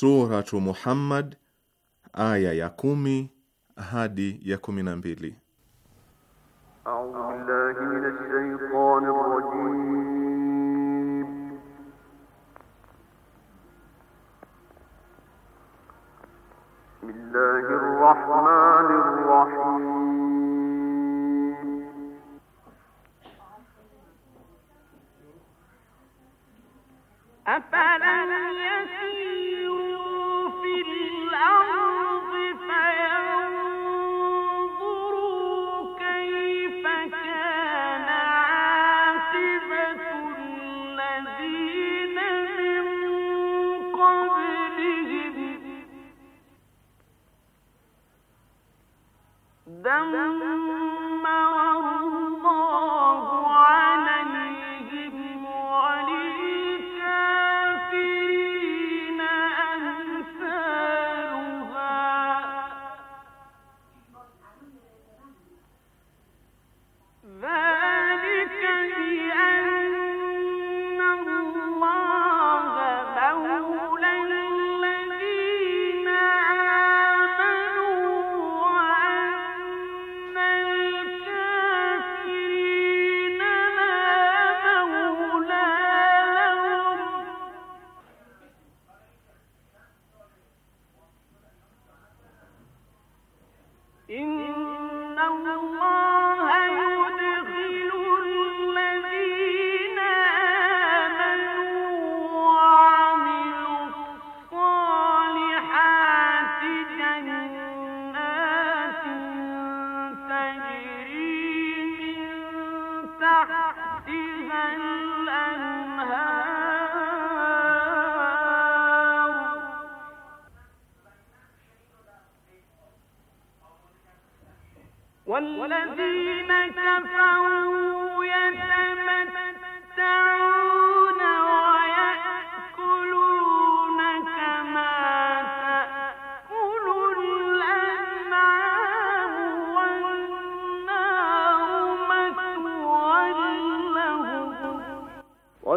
Suratu Muhammad aya ya kumi hadi ya kumi na mbili. يسير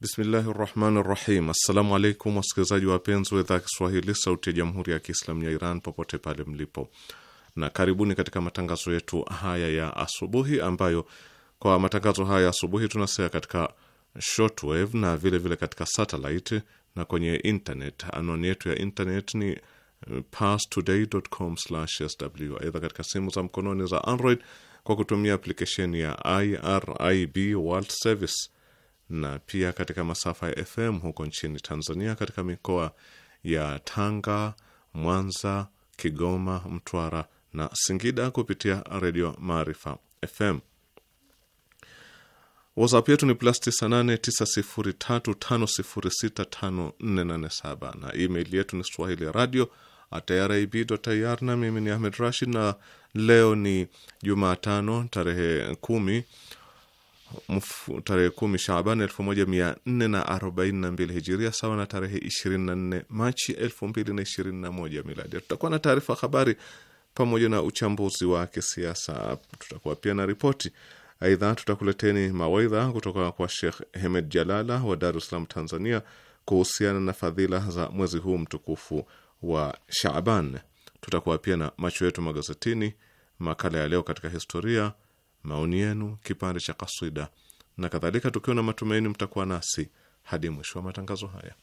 Bismillahi rahmani rahim. Assalamu alaikum wasikilizaji wapenzi wa idhaa ya Kiswahili sauti ya jamhuri ya Kiislamu ya Iran popote pale mlipo, na karibuni katika matangazo yetu haya ya asubuhi, ambayo kwa matangazo haya ya asubuhi tunasea katika shortwave na vilevile vile katika satellite na kwenye internet. Anwani yetu ya internet ni parstoday.com/sw. Aidha, katika simu za mkononi za Android kwa kutumia aplikesheni ya IRIB World Service na pia katika masafa ya FM huko nchini Tanzania, katika mikoa ya Tanga, Mwanza, Kigoma, Mtwara na Singida kupitia Redio Maarifa FM. WhatsApp yetu ni plus 989035065487 na email yetu ni swahili radio irib.ir. Na mimi ni Ahmed Rashid, na leo ni Jumatano tarehe kumi tarehe kumi Shaaban mbili hijiria sawa na tarehe nne Machi moja miladi. Tutakuwa na taarifa habari pamoja na uchambuzi wa kisiasa, tutakuwa pia na ripoti. Aidha, tutakuleteni mawaidha kutoka kwa Shekh Hemed Jalala wa Dar es Salaam, Tanzania, kuhusiana na fadhila za mwezi huu mtukufu wa Shaaban. Tutakuwa pia na macho yetu magazetini, makala ya leo katika historia maoni yenu, kipande cha kaswida na kadhalika, tukiwa na matumaini mtakuwa nasi hadi mwisho wa matangazo haya.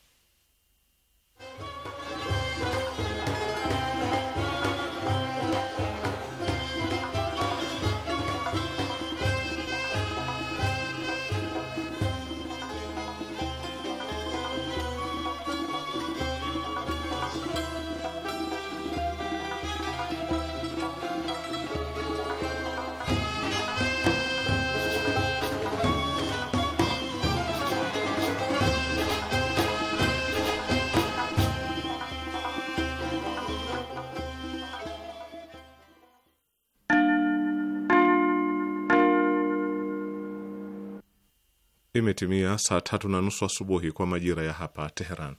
imetimia saa tatu na nusu asubuhi kwa majira ya hapa Teheran.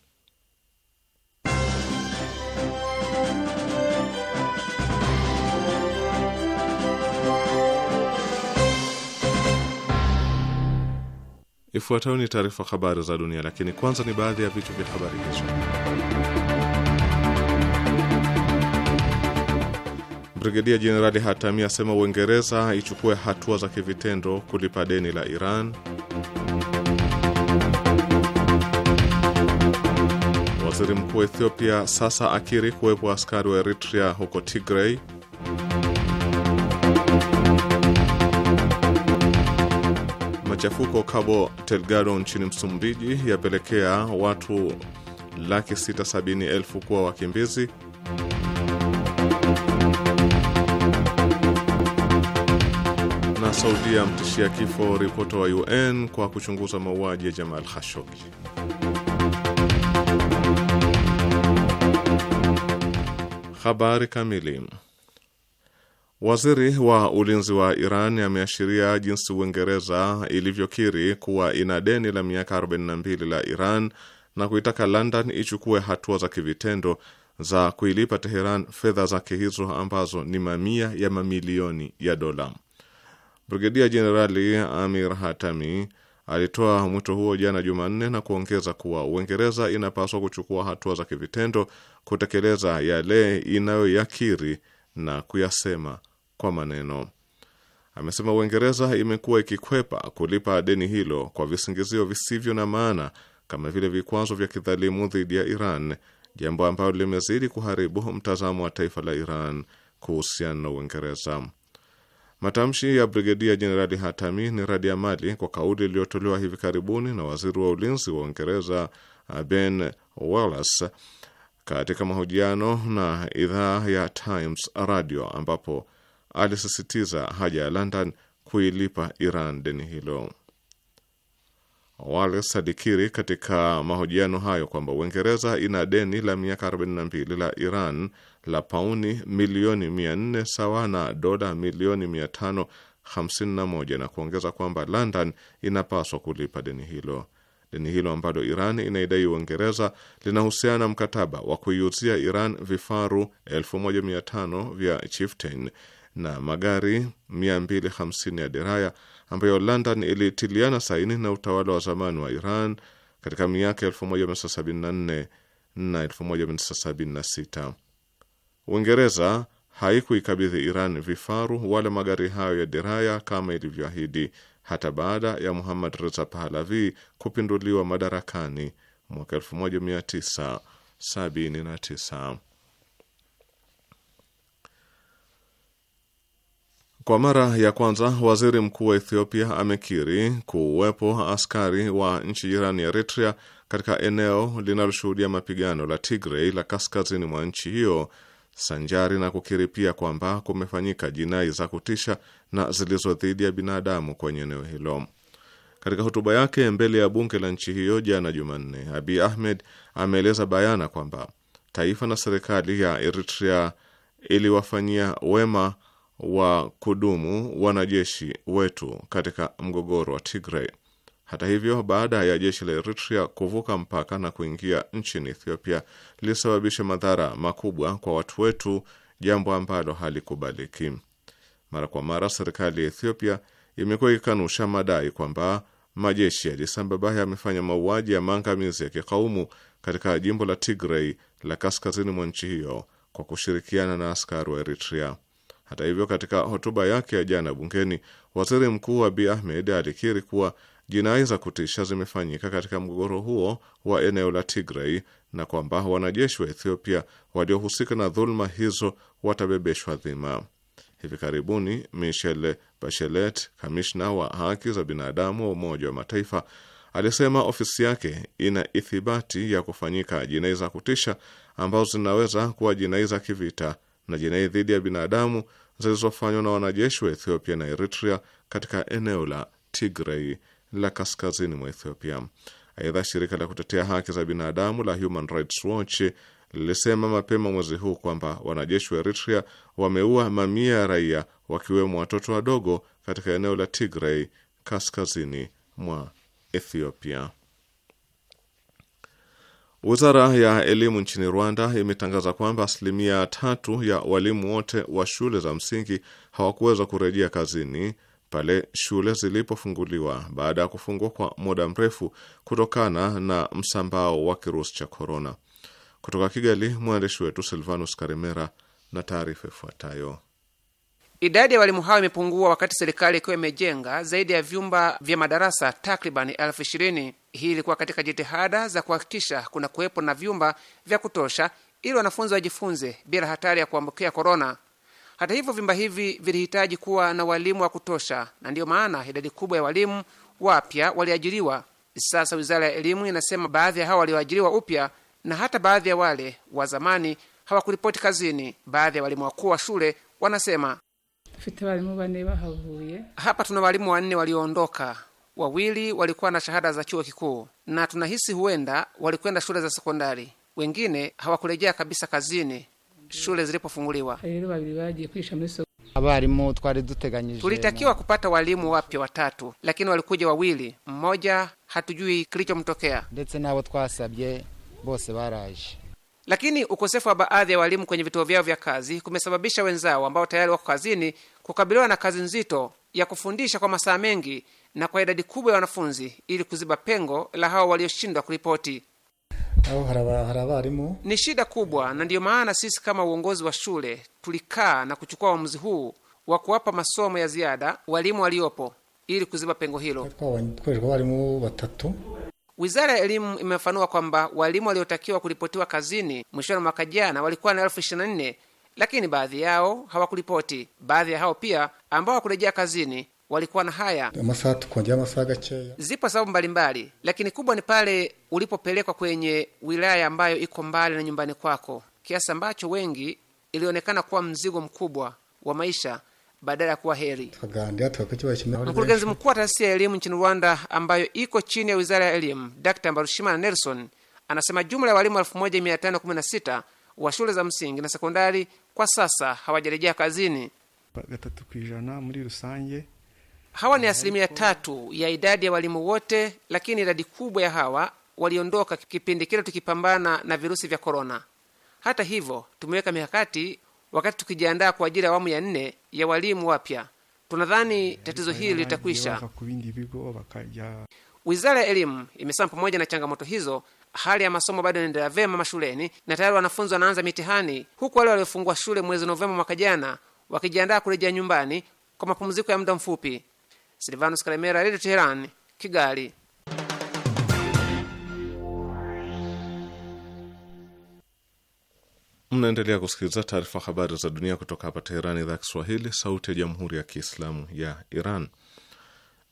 Ifuatayo ni taarifa habari za dunia, lakini kwanza ni baadhi ya vichwa vya habari hizo. Brigedia Jenerali Hatami asema Uingereza ichukue hatua za kivitendo kulipa deni la Iran. Waziri mkuu wa Ethiopia sasa akiri kuwepo askari wa Eritrea huko Tigray. Machafuko Cabo Delgado nchini Msumbiji yapelekea watu laki sita sabini elfu kuwa wakimbizi. Na Saudia amtishia kifo ripoto wa UN kwa kuchunguza mauaji ya Jamal Khashoggi. Habari kamili. Waziri wa ulinzi wa Iran ameashiria jinsi Uingereza ilivyokiri kuwa ina deni la miaka 42 la Iran na kuitaka London ichukue hatua za kivitendo za kuilipa Teheran fedha zake hizo ambazo ni mamia ya mamilioni ya dola. Brigedia Jenerali Amir Hatami Alitoa mwito huo jana Jumanne na kuongeza kuwa Uingereza inapaswa kuchukua hatua za kivitendo kutekeleza yale inayoyakiri na kuyasema kwa maneno. Amesema Uingereza imekuwa ikikwepa kulipa deni hilo kwa visingizio visivyo na maana kama vile vikwazo vya kidhalimu dhidi ya Iran, jambo ambalo limezidi kuharibu mtazamo wa taifa la Iran kuhusiana na Uingereza. Matamshi ya Brigedia Jenerali Hatami ni radi ya mali kwa kauli iliyotolewa hivi karibuni na waziri wa ulinzi wa Uingereza uh, Ben Wallace katika mahojiano na idhaa ya Times Radio, ambapo alisisitiza haja ya London kuilipa Iran deni hilo. Wallace alikiri katika mahojiano hayo kwamba Uingereza ina deni la miaka 42 la Iran la pauni milioni 400 sawa na dola milioni 551 na kuongeza kwamba London inapaswa kulipa deni hilo. Deni hilo ambalo Iran inaidai Uingereza linahusiana na mkataba wa kuiuzia Iran vifaru 1500 vya Chieftain na magari 250 ya deraya ambayo London ilitiliana saini na utawala wa zamani wa Iran katika miaka 1974 na 1976. Uingereza haikuikabidhi Iran vifaru wala magari hayo ya deraya kama ilivyoahidi hata baada ya Muhammad Reza Pahlavi kupinduliwa madarakani mwaka 1979. Kwa mara ya kwanza waziri mkuu wa Ethiopia amekiri kuwepo askari wa nchi jirani ya Eritrea katika eneo linaloshuhudia mapigano la Tigray la kaskazini mwa nchi hiyo, sanjari na kukiri pia kwamba kumefanyika jinai za kutisha na zilizo dhidi ya binadamu kwenye eneo hilo. Katika hotuba yake mbele ya bunge la nchi hiyo jana Jumanne, abi Ahmed ameeleza bayana kwamba taifa na serikali ya Eritrea iliwafanyia wema wa kudumu wanajeshi wetu katika mgogoro wa Tigray. Hata hivyo, baada ya jeshi la Eritrea kuvuka mpaka na kuingia nchini Ethiopia, lilisababisha madhara makubwa kwa watu wetu, jambo ambalo halikubaliki. Mara kwa mara serikali ya Ethiopia imekuwa ikikanusha madai kwamba majeshi ya Addis Ababa yamefanya mauaji ya maangamizi ya kikaumu katika jimbo la Tigray la kaskazini mwa nchi hiyo kwa kushirikiana na askari wa Eritrea. Hata hivyo, katika hotuba yake ya jana bungeni, waziri mkuu wa Ahmed alikiri kuwa jinai za kutisha zimefanyika katika mgogoro huo wa eneo la Tigray na kwamba wanajeshi wa Ethiopia waliohusika na dhuluma hizo watabebeshwa dhima. Hivi karibuni Michelle Bachelet, kamishna wa haki za binadamu wa Umoja wa Mataifa, alisema ofisi yake ina ithibati ya kufanyika jinai za kutisha ambazo zinaweza kuwa jinai za kivita na jinai dhidi ya binadamu zilizofanywa na wanajeshi wa Ethiopia na Eritrea katika eneo la Tigray la kaskazini mwa Ethiopia. Aidha, shirika la kutetea haki za binadamu la Human Rights Watch lilisema mapema mwezi huu kwamba wanajeshi wa Eritrea wameua mamia ya raia wakiwemo watoto wadogo katika eneo la Tigray kaskazini mwa Ethiopia. Wizara ya elimu nchini Rwanda imetangaza kwamba asilimia tatu ya walimu wote wa shule za msingi hawakuweza kurejea kazini pale shule zilipofunguliwa baada ya kufungwa kwa muda mrefu kutokana na msambao wa kirusi cha korona. Kutoka Kigali, mwandishi wetu Silvanus Karimera na taarifa ifuatayo. Idadi ya walimu hao imepungua wakati serikali ikiwa imejenga zaidi ya vyumba vya madarasa takribani elfu ishirini. Hii ilikuwa katika jitihada za kuhakikisha kuna kuwepo na vyumba vya kutosha ili wanafunzi wajifunze bila hatari ya kuambukia korona. Hata hivyo, vyumba hivi vilihitaji kuwa na walimu wa kutosha, na ndiyo maana idadi kubwa ya walimu wapya waliajiriwa. Sasa wizara ya elimu inasema baadhi ya hao walioajiriwa upya na hata baadhi ya wale wa zamani hawakuripoti kazini. Baadhi ya walimu wakuu wa shule wanasema Tufite walimu wanne bahavuye. Hapa tuna walimu wanne walioondoka, wawili walikuwa na shahada za chuo kikuu na tunahisi huenda walikwenda shule za sekondari, wengine hawakurejea kabisa kazini shule zilipofunguliwa. Abarimu twari duteganyije, tulitakiwa kupata walimu wapya watatu, lakini walikuja wawili, mmoja hatujui kilichomtokea. Ndetse nabo twasabye bose baraje lakini ukosefu wa baadhi ya walimu kwenye vituo vyao vya kazi kumesababisha wenzao ambao tayari wako kazini kukabiliwa na kazi nzito ya kufundisha kwa masaa mengi na kwa idadi kubwa ya wanafunzi ili kuziba pengo la hao walioshindwa kuripoti. Ni shida kubwa, na ndiyo maana sisi kama uongozi wa shule tulikaa na kuchukua uamuzi huu wa kuwapa masomo ya ziada walimu waliopo ili kuziba pengo hilo. Wizara ya elimu imefanua kwamba walimu waliotakiwa kuripotiwa kazini mwishoni mwaka jana walikuwa na elfu ishirini na nne lakini baadhi yao hawakuripoti. Baadhi ya hao pia ambao hawakurejea kazini walikuwa na haya. Zipo sababu mbalimbali, lakini kubwa ni pale ulipopelekwa kwenye wilaya ambayo iko mbali na nyumbani kwako, kiasi ambacho wengi ilionekana kuwa mzigo mkubwa wa maisha badala ya kuwa heri. Mkurugenzi mkuu wa taasisi ya elimu nchini Rwanda ambayo iko chini ya wizara ya elimu, Dr Mbarushimana Nelson anasema jumla ya walimu 1516 wa shule za msingi na sekondari kwa sasa hawajarejea kazini. Hawa ni asilimia tatu ya idadi ya walimu wote, lakini idadi kubwa ya hawa waliondoka kipindi kile tukipambana na virusi vya korona. Hata hivyo, tumeweka mikakati wakati tukijiandaa kwa ajili ya awamu ya nne ya walimu wapya. Tunadhani tatizo hili litakwisha. Wizara ya elimu imesema pamoja na changamoto hizo, hali ya masomo bado inaendelea vyema mashuleni na tayari wanafunzi wanaanza mitihani, huku wale waliofungua shule mwezi Novemba mwaka jana wakijiandaa kurejea nyumbani kwa mapumziko ya muda mfupi. Silvanus Kalemera, Teherani, Kigali. Mnaendelea kusikiliza taarifa habari za dunia kutoka hapa Teherani, idhaa Kiswahili, sauti ya jamhuri ya kiislamu ya Iran.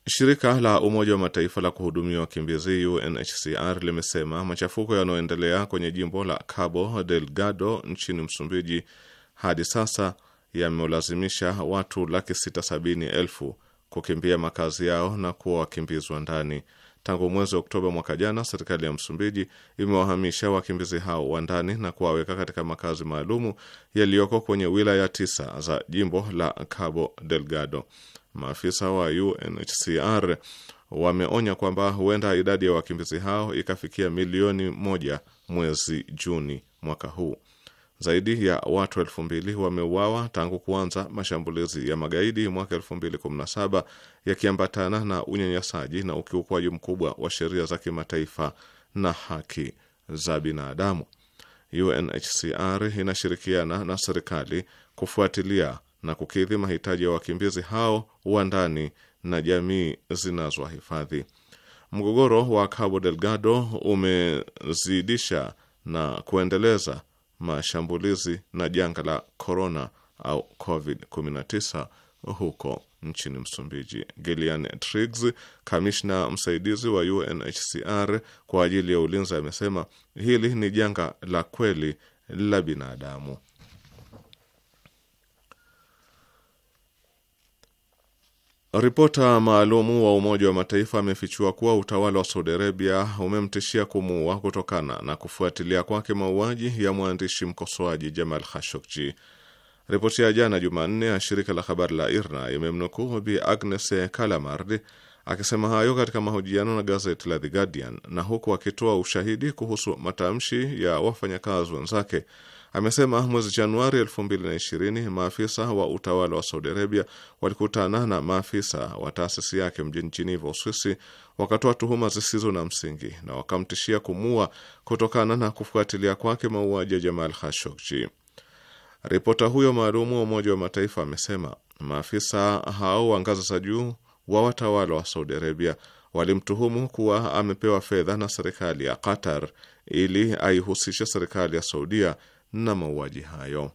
Shirika la Umoja wa Mataifa la kuhudumia wakimbizi UNHCR limesema machafuko yanayoendelea kwenye jimbo la Cabo Delgado nchini Msumbiji hadi sasa yamewalazimisha watu laki sita sabini elfu kukimbia makazi yao na kuwa wakimbizwa ndani Tangu mwezi wa Oktoba mwaka jana, serikali ya Msumbiji imewahamisha wakimbizi hao wa ndani na kuwaweka katika makazi maalumu yaliyoko kwenye wilaya tisa za jimbo la Cabo Delgado. Maafisa wa UNHCR wameonya kwamba huenda idadi ya wakimbizi hao ikafikia milioni moja mwezi Juni mwaka huu. Zaidi ya watu elfu mbili wameuawa tangu kuanza mashambulizi ya magaidi mwaka saba yakiambatana na unyanyasaji na ukiukwaji mkubwa wa sheria za kimataifa na haki za binadamu. UNHCR inashirikiana na serikali kufuatilia na kukidhi mahitaji ya wakimbizi hao wa ndani na jamii zinazowahifadhi. Mgogoro wa Cabo Delgado umezidisha na kuendeleza mashambulizi na janga la corona au COVID-19 huko nchini Msumbiji. Gillian Triggs, kamishna msaidizi wa UNHCR kwa ajili ya ulinzi, amesema hili ni janga la kweli la binadamu. Ripota maalumu wa Umoja wa Mataifa amefichua kuwa utawala wa Saudi Arabia umemtishia kumuua kutokana na kufuatilia kwake mauaji ya mwandishi mkosoaji Jamal Khashoggi. Ripoti ya jana Jumanne ya shirika la habari la IRNA imemnukuu Bi Agnes Kalamard akisema hayo katika mahojiano na gazeti la The Guardian na huku akitoa ushahidi kuhusu matamshi ya wafanyakazi wenzake amesema mwezi Januari 2020 maafisa wa utawala wa Saudi Arabia walikutana na maafisa wa taasisi yake mjini Jiniva, Uswisi, wakatoa tuhuma zisizo na msingi na wakamtishia kumua kutokana na kufuatilia kwake mauaji ya Jamal Khashoggi. Ripota huyo maalumu wa Umoja wa Mataifa amesema maafisa hao wa ngazi za juu wa watawala wa Saudi Arabia walimtuhumu kuwa amepewa fedha na serikali ya Qatar ili aihusishe serikali ya Saudia na mauaji hayo.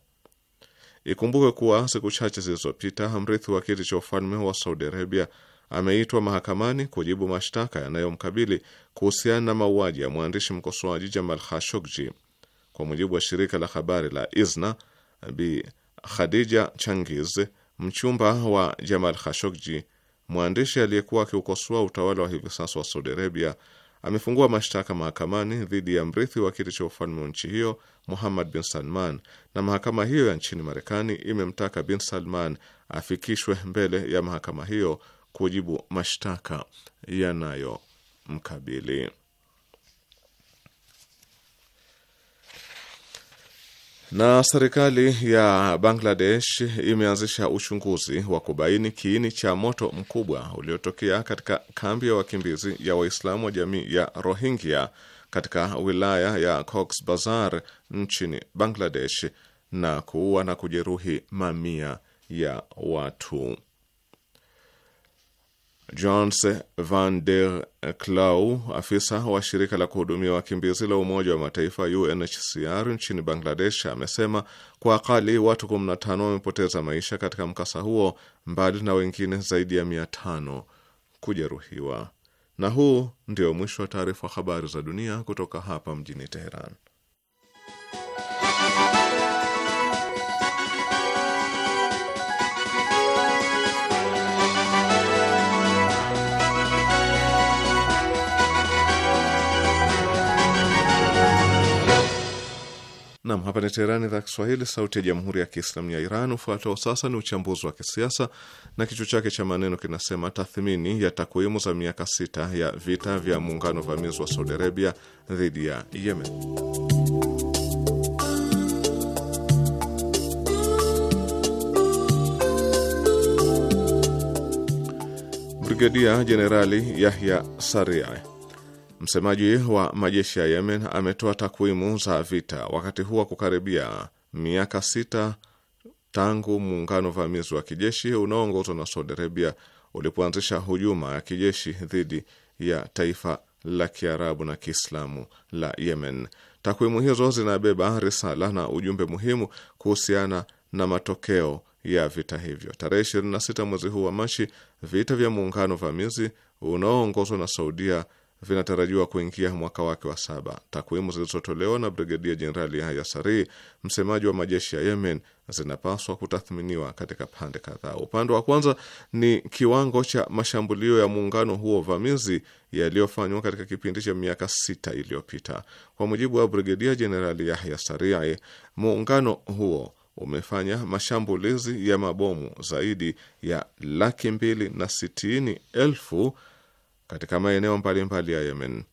Ikumbuke kuwa siku chache zilizopita mrithi wa kiti cha ufalme wa Saudi Arabia ameitwa mahakamani kujibu mashtaka yanayomkabili kuhusiana na mauaji ya mwandishi mkosoaji Jamal Khashoggi. Kwa mujibu wa shirika la habari la ISNA, Bi Khadija Changiz, mchumba wa Jamal Khashoggi, mwandishi aliyekuwa akiukosoa utawala wa hivi sasa wa Saudi Arabia, amefungua mashtaka mahakamani dhidi ya mrithi wa kiti cha ufalme wa nchi hiyo Muhammad bin Salman, na mahakama hiyo ya nchini Marekani imemtaka bin Salman afikishwe mbele ya mahakama hiyo kujibu mashtaka yanayomkabili. Na serikali ya Bangladesh imeanzisha uchunguzi wa kubaini kiini cha moto mkubwa uliotokea katika kambi ya wakimbizi ya Waislamu wa jamii ya Rohingya katika wilaya ya Cox Bazar nchini Bangladesh na kuua na kujeruhi mamia ya watu johns Van der Clau, afisa wa shirika la kuhudumia wakimbizi la Umoja wa Mataifa UNHCR nchini Bangladesh, amesema kwa akali watu 15 wamepoteza maisha katika mkasa huo, mbali na wengine zaidi ya 500 kujeruhiwa. Na huu ndio mwisho wa taarifa habari za dunia kutoka hapa mjini Teheran. Nam, hapa ni Teherani, idhaa Kiswahili, sauti ya jamhuri ya kiislamu ya Iran. Ufuatao sasa ni uchambuzi wa kisiasa na kichwa chake cha maneno kinasema tathmini ya takwimu za miaka sita ya vita vya muungano vamizi wa Saudi Arabia dhidi ya Yemen. Brigedia Jenerali Yahya Saria Msemaji wa majeshi ya Yemen ametoa takwimu za vita wakati huu wa kukaribia miaka sita tangu muungano vamizi wa kijeshi unaoongozwa na Saudi Arabia ulipoanzisha hujuma ya kijeshi dhidi ya taifa la Kiarabu na Kiislamu la Yemen. Takwimu hizo zinabeba risala na ujumbe muhimu kuhusiana na matokeo ya vita hivyo. Tarehe 26 mwezi huu wa Machi, vita vya muungano vamizi unaoongozwa na Saudia vinatarajiwa kuingia mwaka wake wa saba. Takwimu zilizotolewa na Brigedia Jenerali Yahya Sari, msemaji wa majeshi ya Yemen, zinapaswa kutathminiwa katika pande kadhaa. Upande wa kwanza ni kiwango cha mashambulio ya muungano huo vamizi yaliyofanywa katika kipindi cha miaka sita iliyopita. Kwa mujibu wa Brigedia Jenerali Yahya Sarii, muungano huo umefanya mashambulizi ya mabomu zaidi ya laki mbili na sitini elfu katika maeneo mbalimbali ya Yemen.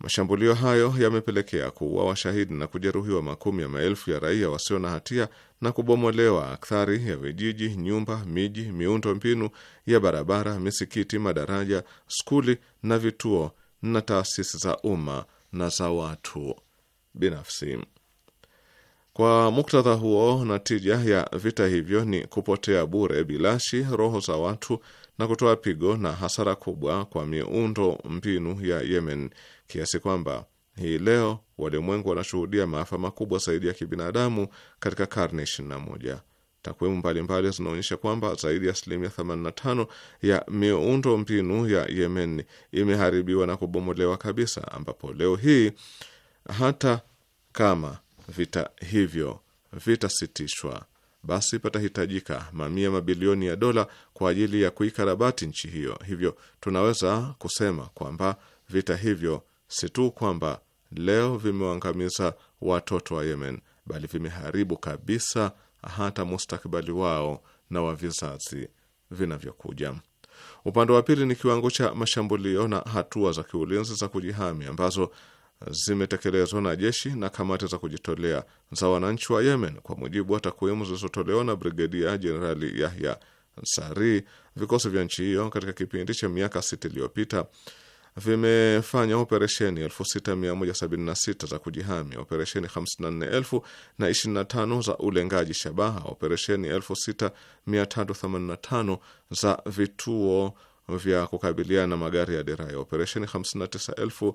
Mashambulio hayo yamepelekea kuua washahidi na kujeruhiwa makumi ya maelfu ya raia wasio na hatia na kubomolewa akthari ya vijiji, nyumba, miji, miundo mbinu ya barabara, misikiti, madaraja, skuli na vituo na taasisi za umma na za watu binafsi. Kwa muktadha huo, natija ya vita hivyo ni kupotea bure bilashi roho za watu na kutoa pigo na hasara kubwa kwa miundo mbinu ya Yemen kiasi kwamba hii leo walimwengu wanashuhudia maafa makubwa zaidi ya kibinadamu katika karne 21. Takwimu mbalimbali zinaonyesha kwamba zaidi ya asilimia 85 ya miundo mbinu ya Yemen imeharibiwa na kubomolewa kabisa, ambapo leo hii hata kama vita hivyo vitasitishwa basi patahitajika mamia mabilioni ya dola kwa ajili ya kuikarabati nchi hiyo. Hivyo tunaweza kusema kwamba vita hivyo si tu kwamba leo vimewaangamiza watoto wa Yemen, bali vimeharibu kabisa hata mustakabali wao na wa vizazi vinavyokuja. Upande wa pili ni kiwango cha mashambulio na hatua za kiulinzi za kujihami ambazo zimetekelezwa na jeshi na kamati za kujitolea za wananchi wa Yemen. Kwa mujibu wa takwimu zilizotolewa na Brigedia Jenerali Yahya Sari, vikosi vya nchi hiyo katika kipindi cha miaka sita iliyopita vimefanya operesheni 6176 za kujihami, operesheni 54025 za ulengaji shabaha, operesheni 6385 za vituo vya kukabiliana na magari ya deraya, operesheni 59000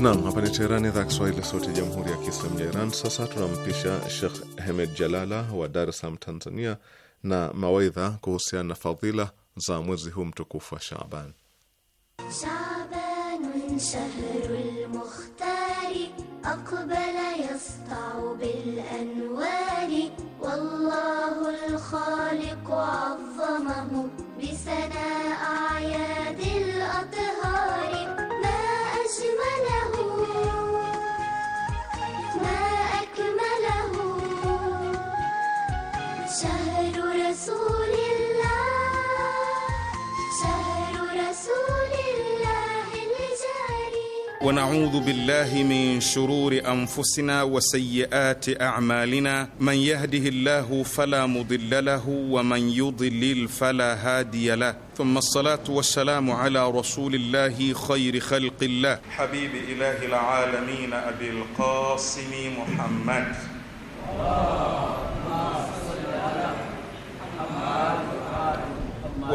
Naam, hapa ni Teherani, idhaa Kiswahili, sauti ya jamhuri ya kiislamu ya Iran. Sasa tunampisha Shekh Hemed Jalala wa Dar es Salaam, Tanzania, na mawaidha kuhusiana na fadhila za mwezi huu mtukufu wa Shaban. شهر رسول الله الجاري ونعوذ بالله من شرور أنفسنا وسيئات أعمالنا من يهده الله فلا مضل له ومن يضلل فلا هادي له ثم الصلاة والسلام على رسول الله خير خلق الله حبيب إله العالمين أبي القاسم محمد الله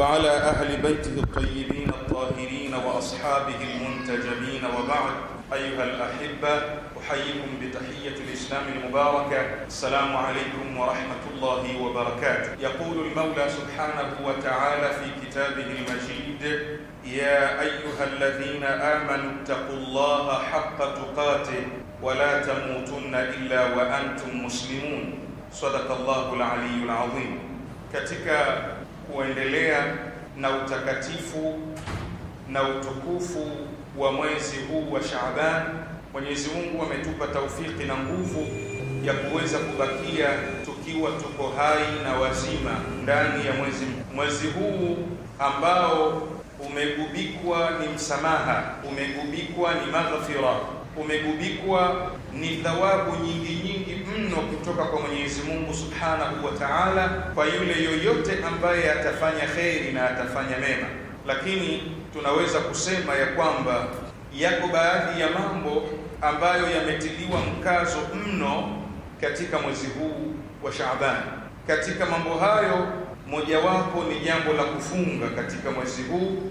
وعلى أهل بيته الطيبين الطاهرين وأصحابه المنتجبين وبعد أيها الأحبة أحييكم بتحية الإسلام المباركة السلام عليكم ورحمة الله وبركاته يقول المولى سبحانه وتعالى في كتابه المجيد يا أيها الذين آمنوا اتقوا الله حق تقاته ولا تموتن إلا وأنتم مسلمون صدق الله العلي العظيم katika kuendelea na utakatifu na utukufu wa mwezi huu wa Shaaban. Mwenyezi Mungu ametupa taufiki na nguvu ya kuweza kubakia tukiwa tuko hai na wazima ndani ya mwezi mwezi huu ambao umegubikwa ni msamaha, umegubikwa ni maghfira, umegubikwa ni thawabu nyingi nyingi mno kutoka kwa Mwenyezi Mungu Subhanahu wa Ta'ala kwa yule yoyote ambaye atafanya kheri na atafanya mema, lakini tunaweza kusema ya kwamba yako baadhi ya mambo ambayo yametiliwa mkazo mno katika mwezi huu wa Shaaban. Katika mambo hayo mojawapo ni jambo la kufunga katika mwezi huu.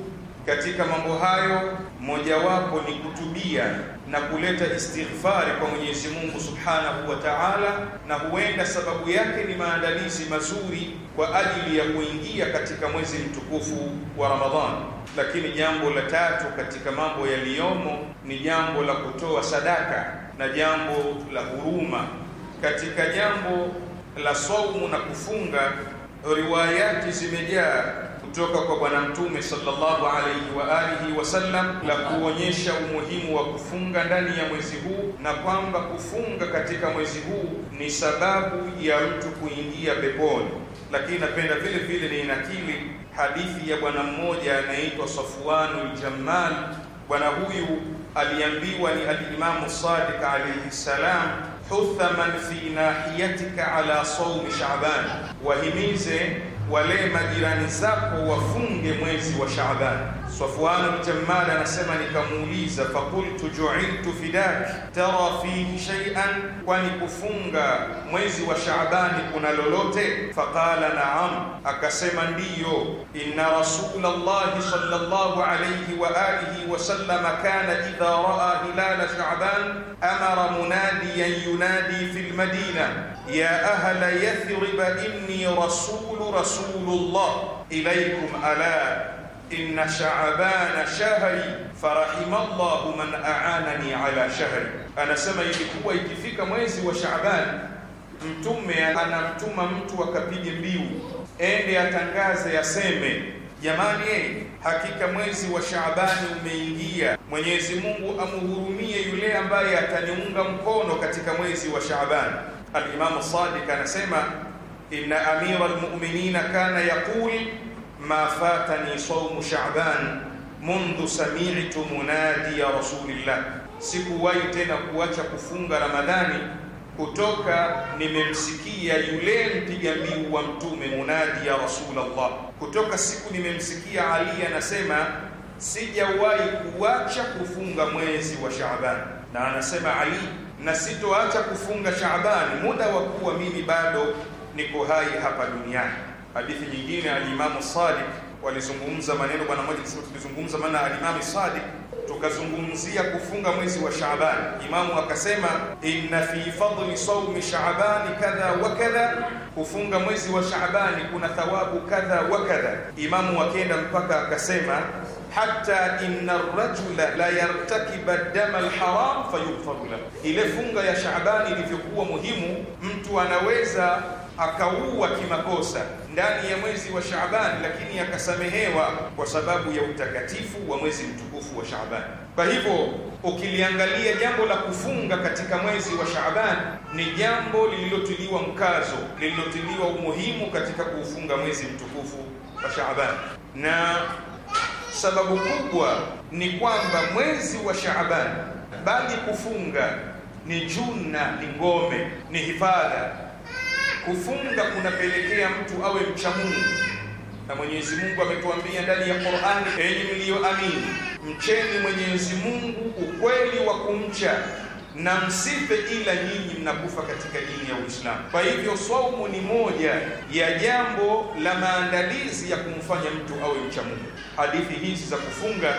Katika mambo hayo mojawapo ni kutubia na kuleta istighfari kwa Mwenyezi Mungu Subhanahu wa Ta'ala, na huenda sababu yake ni maandalizi mazuri kwa ajili ya kuingia katika mwezi mtukufu wa Ramadhani. Lakini jambo la tatu katika mambo yaliyomo ni jambo la kutoa sadaka na jambo la huruma. Katika jambo la saumu na kufunga, riwayati zimejaa kutoka kwa Bwana Mtume sallallahu alayhi wa alihi wasallam la kuonyesha umuhimu wa kufunga ndani ya mwezi huu na kwamba kufunga katika mwezi huu ni sababu ya mtu kuingia peponi. Lakini napenda vile vile ni inakili hadithi ya bwana mmoja anaitwa Safwanul ljamal Bwana huyu aliambiwa ni alimamu Sadiq alayhi salam, huthaman fi nahiyatika ala saumi Shaaban, wahimize wale majirani zako wafunge mwezi wa Shaaban. Safwan bin Jamal anasema nikamuuliza, fakultu ju'iltu fidak tara fihi shay'an, kwani kufunga mwezi wa Shaabani kuna lolote? Faqala na'am, akasema ndiyo. Inna rasulallahi sallallahu alayhi wa alihi wa sallam kana idha raa hilala Shaaban amara munadiyan yunadi fil madina يا أهل يثرب إني rasulu رسول الله ala in إن shahri شهري فرحم الله من أعانني على anasema ilikuwa ikifika mwezi wa Shaaban mtume anamtuma mtu akapige mbiu ende atangaze aseme jamani hakika mwezi wa Shaabani umeingia Mwenyezi Mungu amhurumie yule ambaye ataniunga mkono katika mwezi wa Shaabani Al-Imam Sadiq anasema inna amira al-mu'minin kana yaqul ma fatani sawm sha'ban mundu sami'tu munadi ya rasulillah, sikuwahi tena kuacha kufunga Ramadhani kutoka nimemsikia yule mpiga mbiu wa mtume munadi ya rasulullah, kutoka siku nimemsikia Ali anasema sijawahi kuacha kufunga mwezi wa Shaaban, na anasema Ali na sitoacha kufunga Shaabani muda wa kuwa mimi bado niko hai hapa duniani. Hadithi nyingine, alimamu Sadiq walizungumza maneno bwana mmoja, tulizungumza maana alimamu Sadiq, tukazungumzia kufunga mwezi wa Shaabani. Imamu akasema inna fi fadli saumi shaabani kadha wa kadha, kufunga mwezi wa Shaabani kuna thawabu kadha wa kadha. Imamu akenda mpaka akasema hata inna rajula la yartakiba dama lharam fayughfaru lahu. Ile funga ya Shaabani ilivyokuwa muhimu, mtu anaweza akauwa kimakosa ndani ya mwezi wa Shaabani, lakini akasamehewa kwa sababu ya utakatifu wa mwezi mtukufu wa Shaabani. Kwa hivyo ukiliangalia jambo la kufunga katika mwezi wa Shaaban ni jambo lililotiliwa mkazo, lililotiliwa umuhimu katika kuufunga mwezi mtukufu wa Shaaban na Sababu kubwa ni kwamba mwezi wa Shaaban, bali kufunga ni juna, ni ngome, ni hifadha. Kufunga kunapelekea mtu awe mcha Mungu, na Mwenyezi Mungu ametuambia ndani ya Qur'ani, enyi mliyoamini, mcheni Mwenyezi Mungu ukweli wa kumcha na msife ila nyinyi mnakufa katika dini ya Uislamu. Kwa hivyo saumu ni moja ya jambo la maandalizi ya kumfanya mtu awe mcha Mungu. Hadithi hizi za kufunga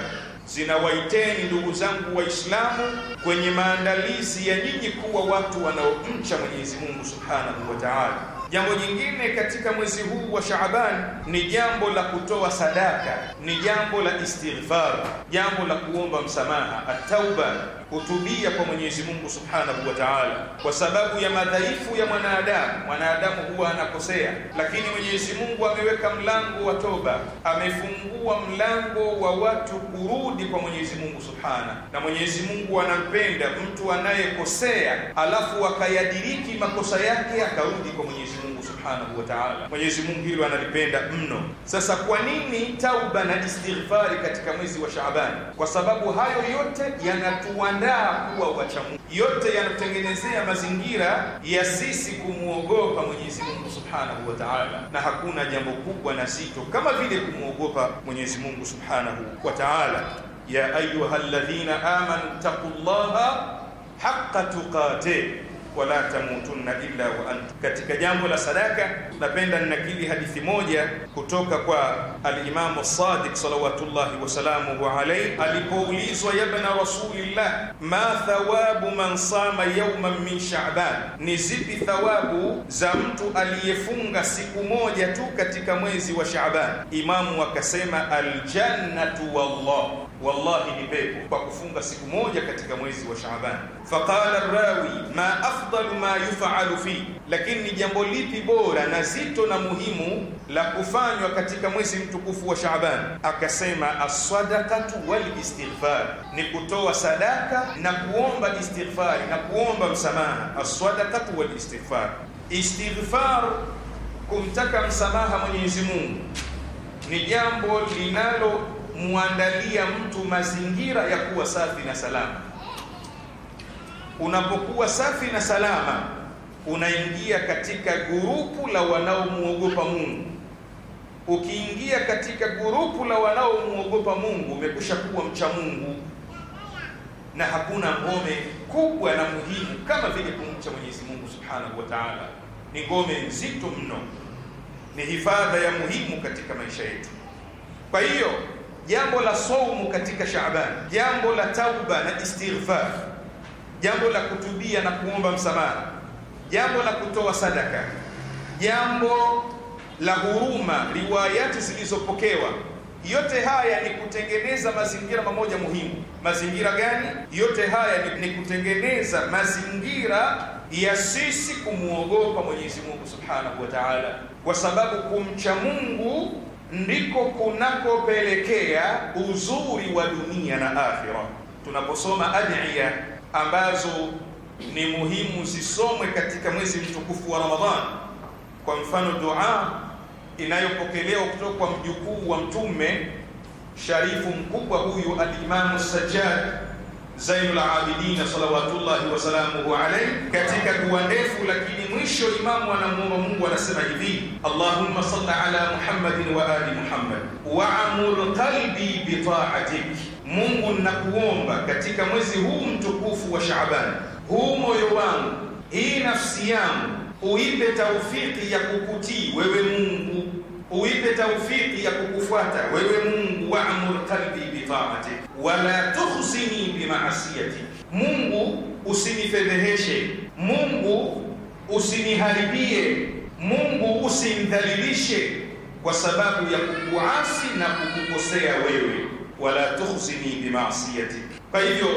zinawaiteni ndugu zangu Waislamu kwenye maandalizi ya nyinyi kuwa watu wanaomcha Mwenyezi Mungu Subhanahu wa Ta'ala. Jambo jingine katika mwezi huu wa Shaaban ni jambo la kutoa sadaka, ni jambo la istighfar, jambo la kuomba msamaha, at-tauba kutubia kwa Mwenyezi Mungu Subhanahu wa Ta'ala, kwa sababu ya madhaifu ya mwanadamu. Mwanadamu huwa anakosea, lakini Mwenyezi Mungu ameweka mlango wa toba, amefungua mlango wa watu kurudi kwa Mwenyezi Mungu Subhana. Na Mwenyezi Mungu anampenda mtu anayekosea alafu akayadiriki makosa yake akarudi kwa Mwenyezi Mungu Subhanahu wa Ta'ala. Mwenyezi Mungu hilo analipenda mno. Sasa kwa nini tauba na istighfari katika mwezi wa Shaaban? Kwa sababu hayo yote yanatuwa kutuandaa kuwa wacha Mungu. Yote yanatutengenezea mazingira ya sisi kumwogopa Mwenyezi Mungu Subhanahu wa Ta'ala, na hakuna jambo kubwa na zito kama vile kumwogopa Mwenyezi Mungu Subhanahu wa Ta'ala. Ya ayuha ladhina amanu taqullaha haqqa tuqatih wala tamutunna illa wa antum. Katika jambo la sadaka, napenda ninakili hadithi moja kutoka kwa alimamu Sadiq salawatullahi wasalamuhu alayhi, alipoulizwa yabna rasulillah, ma thawabu man sama yawman min sha'ban, ni zipi thawabu za mtu aliyefunga siku moja tu katika mwezi wa Sha'ban? Imamu akasema aljannatu wallah wallahi ni pepo kwa kufunga siku moja katika mwezi wa Shaaban. Faqala rawi ma afdalu ma yufalu fi, lakini ni jambo lipi bora na zito na muhimu la kufanywa katika mwezi mtukufu wa Shaaban? Akasema as-sadaqatu wal istighfar, ni kutoa sadaka na kuomba istighfari na kuomba msamaha. As-sadaqatu wal istighfar, istighfar kumtaka msamaha Mwenyezi Mungu ni jambo linalo muandalia mtu mazingira ya kuwa safi na salama. Unapokuwa safi na salama, unaingia katika gurupu la wanaomuogopa Mungu. Ukiingia katika gurupu la wanaomuogopa Mungu, umekusha kuwa mcha Mungu, na hakuna ngome kubwa na muhimu kama vile kumcha Mwenyezi Mungu Subhanahu wa Ta'ala. Ni ngome nzito mno, ni hifadha ya muhimu katika maisha yetu. Kwa hiyo jambo la saumu katika Shaaban, jambo la tauba na istighfar, jambo la kutubia na kuomba msamaha, jambo la kutoa sadaka, jambo la huruma, riwayati zilizopokewa. Yote haya ni kutengeneza mazingira mamoja muhimu. Mazingira gani? Yote haya ni kutengeneza mazingira ya sisi kumwogopa Mwenyezi Mungu Subhanahu wa Ta'ala, kwa sababu kumcha Mungu ndiko kunakopelekea uzuri wa dunia na akhira. Tunaposoma adhiya ambazo ni muhimu zisomwe katika mwezi mtukufu wa Ramadhan, kwa mfano dua inayopokelewa kutoka kwa mjukuu wa Mtume sharifu mkubwa huyu Alimamu Sajjad Zainul Abidin salawatullahi wasalamuhu alayhi, katika dua ndefu, lakini mwisho imamu anamuomba Mungu anasema hivi, Allahumma salli ala Muhammadin wa ali Muhammad wa amur qalbi bi ta'atik. Mungu nakuomba katika mwezi huu mtukufu wa Shaaban, huu moyo wangu, hii nafsi yangu, uipe taufiki ya kukutii wewe Mungu uipe taufiki ya kukufuata wewe Mungu, waamur qalbi bitaatik wala tukhzini bimaasiyatik, Mungu usinifedheheshe, Mungu usiniharibie, Mungu usinidhalilishe kwa sababu ya kukuasi na kukukosea wewe, wala tukhzini bimaasiyatik. Kwa hivyo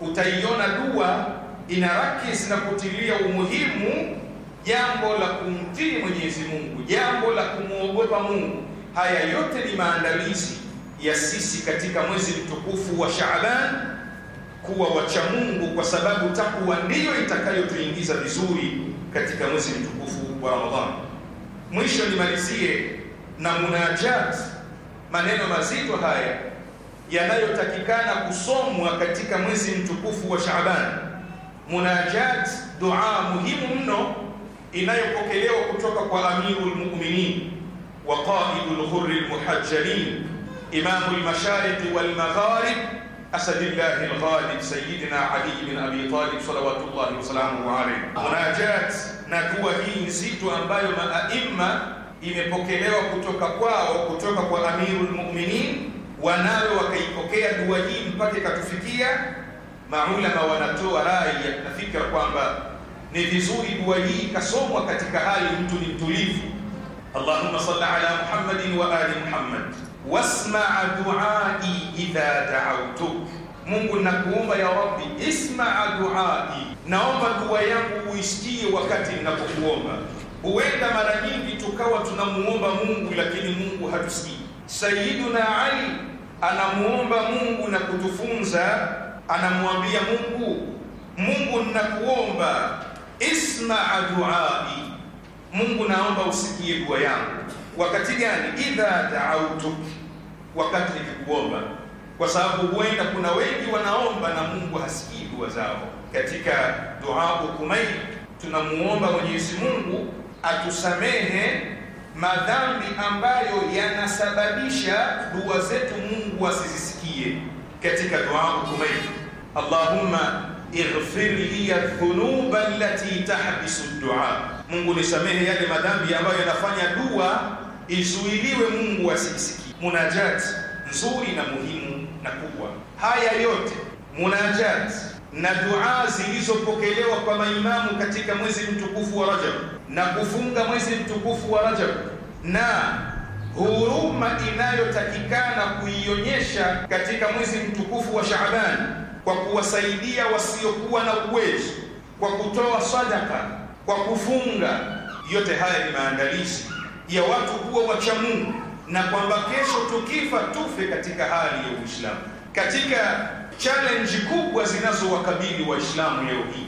utaiona dua inarakis na kutilia umuhimu jambo la kumtii Mwenyezi Mungu, jambo la kumwogopa Mungu. Haya yote ni maandalizi ya sisi katika mwezi mtukufu wa Shaaban kuwa wacha Mungu, kwa sababu takwa ndiyo itakayotuingiza vizuri katika mwezi mtukufu wa Ramadhan. Mwisho nimalizie na munajat, maneno mazito haya yanayotakikana kusomwa katika mwezi mtukufu wa Shaaban. Munajat, dua muhimu mno inayopokelewa kutoka kwa Amirul Mu'minin wa qaidul ghurril muhajjalin Imamul Mashariq wal Magharib al Ghalib Sayyidina Ali ibn Abi Talib salawatullahi salamu alayhi. Munajat na dua hii nzito ambayo maaima imepokelewa kutoka kwao kutoka kwa Amirul Mu'minin, wanawe wakaipokea dua hii mpaka ikatufikia. Maulama wanatoa rai na fikra kwamba ni vizuri dua hii ikasomwa katika hali mtu ni mtulivu. Allahumma salli ala Muhammadin wa ali Muhammad wasmaa duai idha daautuk, Mungu nakuomba ya Rabbi, ismaa duai, naomba dua yangu uisikie wakati ninapokuomba. Huenda mara nyingi tukawa tunamuomba Mungu lakini Mungu hatusikii. Sayyiduna Ali anamuomba Mungu na kutufunza, anamwambia Mungu, Mungu ninakuomba ismaa duai, Mungu naomba usikie dua yangu. Wakati gani? Idha daautuk, wakati nikikuomba, kwa sababu huenda kuna wengi wanaomba na Mungu hasikii dua zao. Katika duau kumai tunamuomba Mwenyezi Mungu atusamehe madhambi ambayo yanasababisha dua zetu Mungu asizisikie. Katika duau kumai Allahumma ighfir li dhunuba allati tahbisu dua, Mungu nisamehe yale madhambi ambayo yanafanya dua izuiliwe Mungu asiisikie. Munajat nzuri na muhimu na kubwa, haya yote munajati na dua zilizopokelewa kwa maimamu katika mwezi mtukufu wa Rajab na kufunga mwezi mtukufu wa Rajab na huruma inayotakikana kuionyesha katika mwezi mtukufu wa Shaaban kwa kuwasaidia wasiokuwa na uwezo, kwa kutoa sadaka, kwa kufunga. Yote haya ni maandalizi ya watu kuwa wacha Mungu, na kwamba kesho tukifa tufe katika hali ya Uislamu. Katika challenge kubwa zinazowakabili Waislamu leo hii,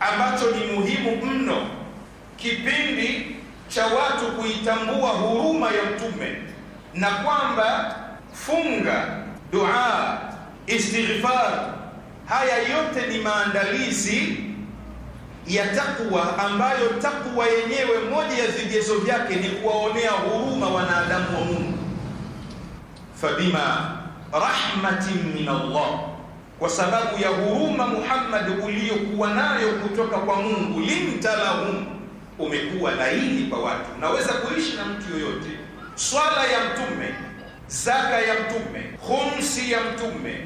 ambacho ni muhimu mno, kipindi cha watu kuitambua huruma ya Mtume na kwamba funga, dua, istighfar Haya yote ni maandalizi ya takwa, ambayo takwa yenyewe moja ya vigezo vyake ni kuwaonea huruma wanadamu wa Mungu. Fabima rahmatin min Allah, kwa sababu ya huruma Muhammad uliyokuwa nayo kutoka kwa Mungu, linta lahum, umekuwa laini kwa watu. Unaweza kuishi na mtu yoyote, swala ya mtume, zaka ya mtume, khumsi ya mtume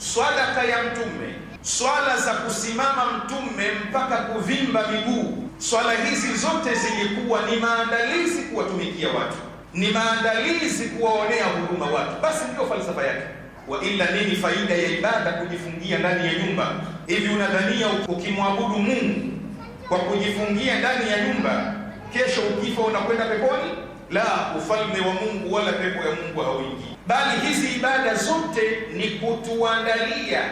swadaka ya Mtume, swala za kusimama Mtume mpaka kuvimba miguu, swala hizi zote zilikuwa ni maandalizi kuwatumikia watu, ni maandalizi kuwaonea huruma watu. Basi ndio falsafa yake. Wa ila nini faida ya ibada kujifungia ndani ya nyumba? Hivi unadhania ukimwabudu Mungu kwa kujifungia ndani ya nyumba, kesho ukifa unakwenda peponi? La, ufalme wa Mungu wala pepo ya Mungu hauingii bali hizi ibada zote ni kutuandalia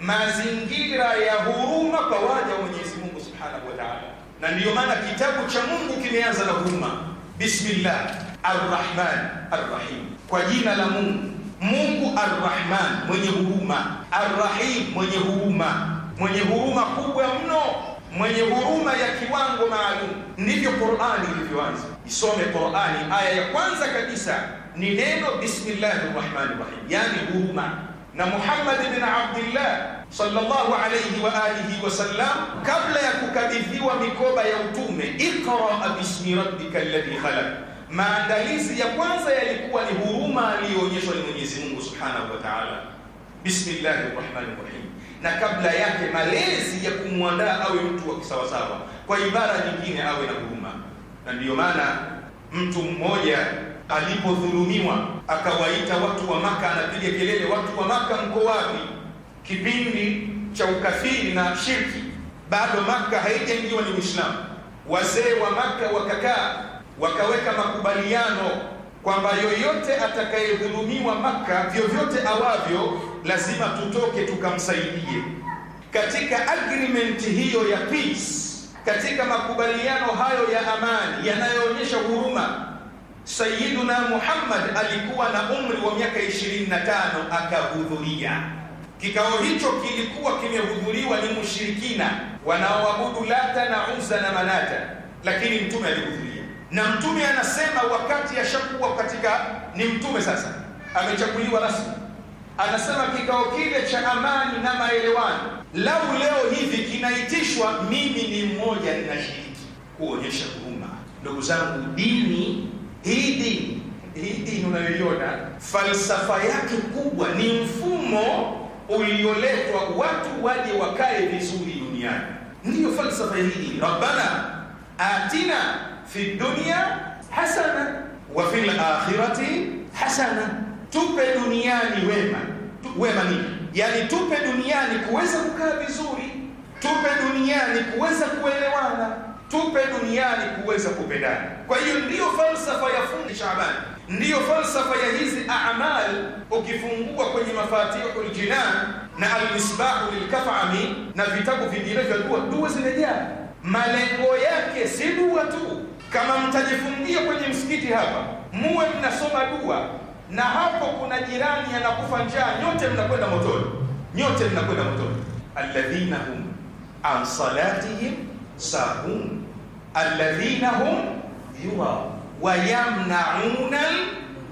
mazingira ya huruma kwa waja wa Mwenyezi Mungu Subhanahu wa Ta'ala, na ndiyo maana kitabu cha Mungu kimeanza na huruma. Bismillah arrahman arrahim, kwa jina la Mungu. Mungu arrahman, mwenye huruma, arrahim, mwenye huruma, mwenye huruma kubwa mno, mwenye huruma ya kiwango maalum. Ndivyo Qur'ani ilivyoanza. Isome Qur'ani, aya ya kwanza kabisa ni neno bismillahi rahmanir rahim, yani huruma. Na Muhammad bin Abdullah sallallahu alayhi wa alihi sallam, kabla ya kukabidhiwa mikoba ya utume, iqra bismi rabbika alladhi khalaq, maandalizi ya kwanza yalikuwa ni huruma aliyoonyeshwa ni Mwenyezi Mungu subhanahu wa ta'ala, bismillahi rahmanir rahim na kabla yake malezi ya kumwandaa awe mtu wa kisawasawa, kwa ibara nyingine awe na huruma. Na ndiyo maana mtu mmoja alipodhulumiwa akawaita watu wa Maka, anapiga kelele, watu wa Maka mko wapi? Kipindi cha ukafiri na shirki, bado Maka haijaingiwa ni Uislamu. Wazee wa Maka wakakaa wakaweka makubaliano kwamba yoyote atakayedhulumiwa Maka vyovyote awavyo, lazima tutoke tukamsaidie. Katika agreement hiyo ya peace, katika makubaliano hayo ya amani yanayoonyesha huruma Sayyiduna Muhammad alikuwa na umri wa miaka 25 akahudhuria kikao hicho. Kilikuwa kimehudhuriwa ni mushirikina wanaoabudu Lata na Uzza na Manata, lakini mtume alihudhuria, na mtume anasema wakati ashakuwa katika, ni mtume sasa amechaguliwa rasmi, anasema kikao kile cha amani na maelewano, lau leo hivi kinaitishwa, mimi ni mmoja ninashiriki, kuonyesha huruma. Ndugu zangu, dini Yoda falsafa yake kubwa ni mfumo ulioletwa watu waje wakae vizuri duniani. Ndiyo falsafa hii, rabbana atina fi dunya hasana wa fil akhirati hasana, tupe duniani wema. Wema ni Yani tupe duniani kuweza kukaa vizuri, tupe duniani kuweza kuelewana, tupe duniani kuweza kupendana. Kwa hiyo ndiyo falsafa ya fundi Shabani ndiyo falsafa ya hizi a'mal. Ukifungua kwenye mafatihu ljinan na almisbahu lilkafami na vitabu vingine vya dua, dua zimejaa. Malengo yake si dua tu. Kama mtajifungia kwenye msikiti hapa, muwe mnasoma dua, na hapo kuna jirani anakufa njaa, nyote mnakwenda motoni, nyote mnakwenda motoni. alladhina hum an salatihim sahun alladhina hum yuwaun wayamnauna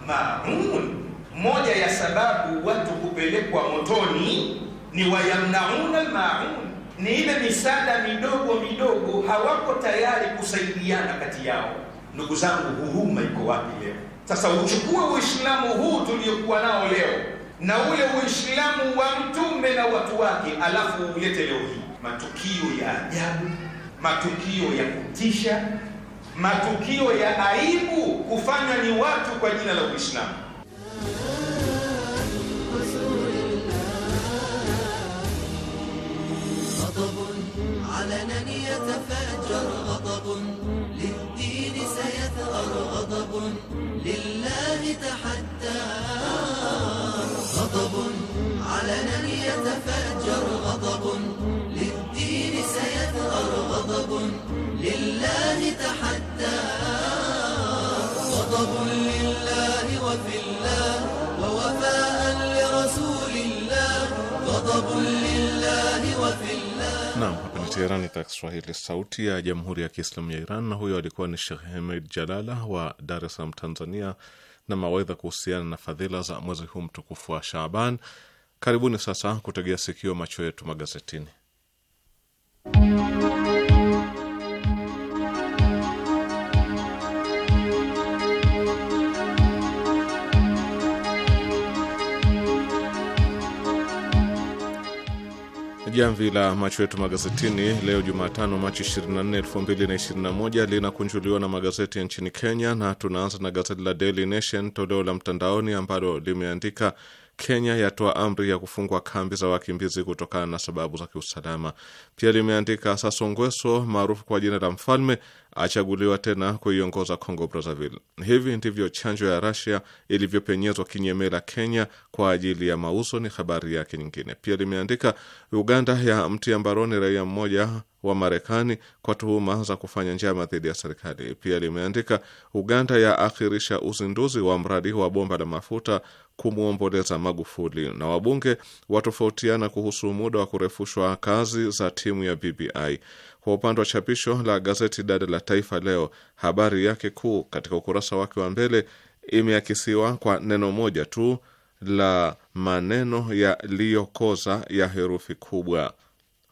maun, moja ya sababu watu kupelekwa motoni ni wayamnauna maun, ni ile misaada midogo midogo, hawako tayari kusaidiana kati yao. Ndugu zangu, huruma iko wapi leo? Sasa uchukue Uislamu huu tuliokuwa nao leo na ule Uislamu wa Mtume na watu wake, alafu ulete leo hii matukio ya ajabu, matukio ya kutisha matukio ya aibu kufanywa ni watu kwa jina la Uislamu. علنني يتفجر غضب للدين سيثأر غضب لله تحدار غضب علنني يتفجر غضب للدين سيثأر غضب لله تحدى غضب لله وفي الله ووفاء لرسول الله غضب لله وفي الله نعم hapa ni idhaa Kiswahili sauti ya Jamhuri ya Kiislamu ya Iran, na huyo alikuwa ni Sheikh Hemed Jalala wa Dar es Salaam, Tanzania, na mawaidha kuhusiana na fadhila za mwezi huu mtukufu wa Shaaban. Karibuni sasa kutegea sikio macho yetu magazetini. jamvi la macho yetu magazetini leo Jumatano, Machi 24, 2021 linakunjuliwa na magazeti ya nchini Kenya, na tunaanza na gazeti la Daily Nation toleo la mtandaoni ambalo limeandika Kenya yatoa amri ya kufungwa kambi za wakimbizi kutokana na sababu za kiusalama. Pia limeandika Sasongweso maarufu kwa jina la mfalme achaguliwa tena kuiongoza Congo Brazzaville. Hivi ndivyo chanjo ya rasia ilivyopenyezwa kinyemela Kenya kwa ajili ya mauzo, ni habari yake nyingine. Pia limeandika Uganda ya mtia mbaroni raia mmoja wa Marekani kwa tuhuma za kufanya njama dhidi ya serikali. Pia limeandika Uganda yaakhirisha uzinduzi wa mradi wa bomba la mafuta kumwomboleza Magufuli, na wabunge watofautiana kuhusu muda wa kurefushwa kazi za timu ya BBI. Kwa upande wa chapisho la gazeti dada la Taifa Leo, habari yake kuu katika ukurasa wake wa mbele imeakisiwa kwa neno moja tu la maneno yaliyokoza ya herufi kubwa,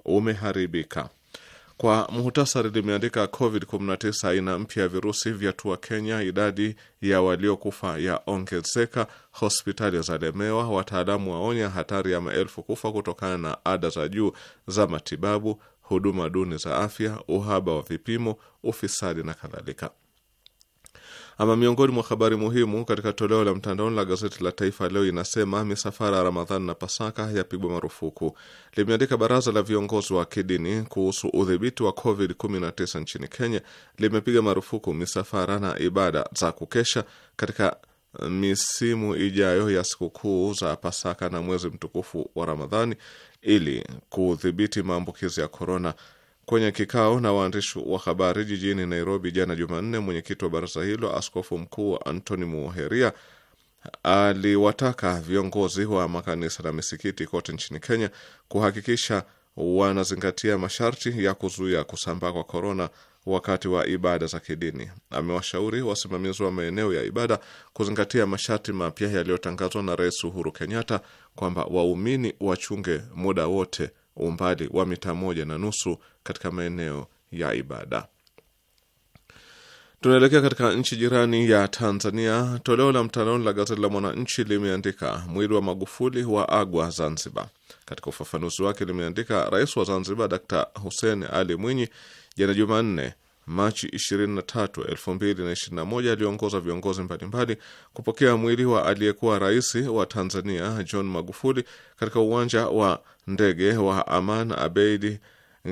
umeharibika. Kwa muhtasari, limeandika COVID-19 aina mpya ya virusi vya tua Kenya, idadi ya waliokufa yaongezeka, hospitali zalemewa, wataalamu waonya hatari ya maelfu kufa kutokana na ada za juu za matibabu, huduma duni za afya, uhaba wa vipimo, ufisadi na kadhalika. Ama miongoni mwa habari muhimu katika toleo la mtandaoni la gazeti la Taifa Leo inasema misafara ya Ramadhani na Pasaka yapigwa marufuku. Limeandika baraza la viongozi wa kidini kuhusu udhibiti wa COVID-19 nchini Kenya limepiga marufuku misafara na ibada za kukesha katika eh, misimu ijayo ya sikukuu za Pasaka na mwezi mtukufu wa Ramadhani ili kudhibiti maambukizi ya korona. Kwenye kikao na waandishi wa habari jijini Nairobi jana Jumanne, mwenyekiti wa baraza hilo askofu mkuu antoni Muheria aliwataka viongozi wa makanisa na misikiti kote nchini Kenya kuhakikisha wanazingatia masharti ya kuzuia kusambaa kwa korona wakati wa ibada za kidini. Amewashauri wasimamizi wa maeneo ya ibada kuzingatia masharti mapya yaliyotangazwa na Rais Uhuru Kenyatta kwamba waumini wachunge muda wote umbali wa mita moja na nusu katika maeneo ya ibada. Tunaelekea katika nchi jirani ya Tanzania. Toleo la mtandaoni la gazeti la Mwananchi limeandika mwili wa Magufuli wa agwa Zanzibar. Katika ufafanuzi wake limeandika rais wa Zanzibar d Hussein Ali Mwinyi Jana Jumanne, Machi 23, 2021 aliongoza viongozi mbalimbali kupokea mwili wa aliyekuwa rais wa Tanzania John Magufuli katika uwanja wa ndege wa Aman abeidi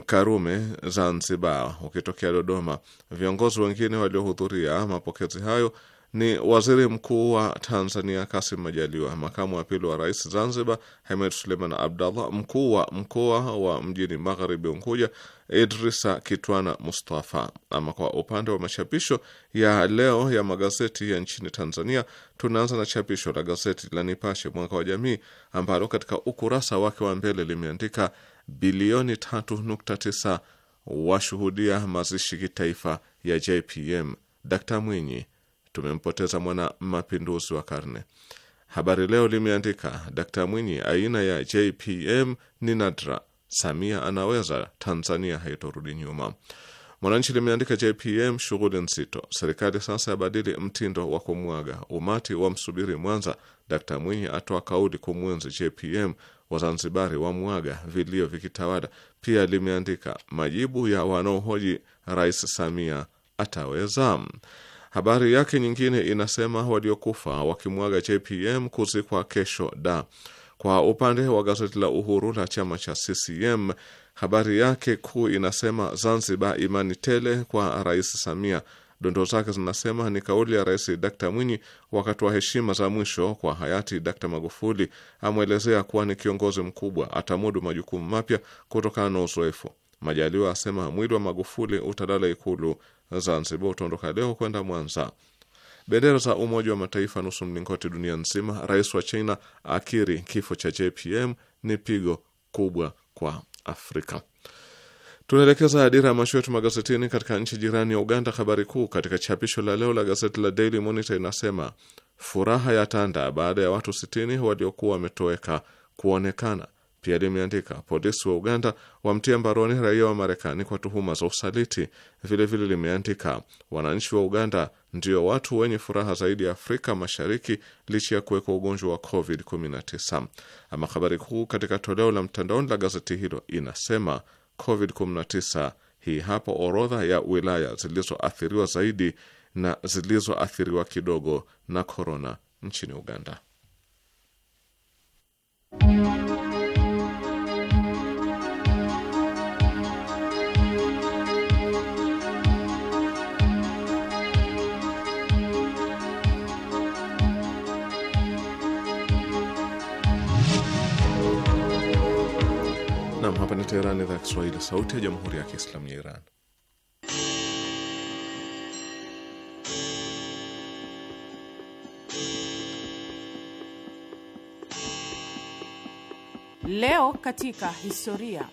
Karume Zanzibar ukitokea Dodoma. Viongozi wengine waliohudhuria mapokezi hayo ni waziri mkuu wa Tanzania Kasim Majaliwa, makamu wa pili wa rais Zanzibar Hamed Suleiman Abdallah, mkuu wa mkoa wa mjini Magharibi Unguja Idrisa Kitwana Mustafa. Ama kwa upande wa machapisho ya leo ya magazeti ya nchini Tanzania, tunaanza na chapisho la gazeti la Nipashe mwaka wa Jamii ambalo katika ukurasa wake wa mbele limeandika bilioni 3.9 washuhudia mazishi kitaifa ya JPM, Dkt Mwinyi tumempoteza mwana mapinduzi wa karne. Habari Leo limeandika Dkt Mwinyi, aina ya JPM ni nadra, Samia anaweza, Tanzania haitorudi nyuma. Mwananchi limeandika JPM shughuli nzito, serikali sasa yabadili mtindo wa kumwaga, umati wa msubiri Mwanza, Dkt Mwinyi atoa kauli kumwenzi JPM, Wazanzibari wa mwaga, vilio vikitawala. Pia limeandika majibu ya wanaohoji Rais Samia ataweza Habari yake nyingine inasema waliokufa wakimwaga JPM kuzikwa kesho da. Kwa upande wa gazeti la Uhuru la chama cha CCM, habari yake kuu inasema Zanzibar imani tele kwa Rais Samia. Dondoo zake zinasema ni kauli ya Rais Dkta Mwinyi wakati wa heshima za mwisho kwa hayati Dkta Magufuli, amwelezea kuwa ni kiongozi mkubwa, atamudu majukumu mapya kutokana na uzoefu. Majaliwa asema mwili wa Magufuli utalala Ikulu Zanzibar utaondoka leo kwenda Mwanza. Bendera za Umoja wa Mataifa nusu mlingoti dunia nzima. Rais wa China akiri kifo cha JPM ni pigo kubwa kwa Afrika. Tunaelekeza adira ya macho yetu magazetini katika nchi jirani ya Uganda. Habari kuu katika chapisho la leo la gazeti la Daily Monitor inasema furaha ya tanda baada ya watu sitini waliokuwa wametoweka kuonekana. Pia limeandika polisi wa Uganda wamtia mbaroni raia wa Marekani kwa tuhuma za usaliti. Vilevile limeandika wananchi wa Uganda ndio watu wenye furaha zaidi ya Afrika Mashariki licha ya kuwekwa ugonjwa wa COVID-19. Ama habari kuu katika toleo la mtandaoni la gazeti hilo inasema COVID-19, hii hapo orodha ya wilaya zilizoathiriwa zaidi na zilizoathiriwa kidogo na korona nchini Uganda. Teheran, idhaa ya Kiswahili, sauti ya jamhuri ya kiislamu ya Iran. Leo katika historia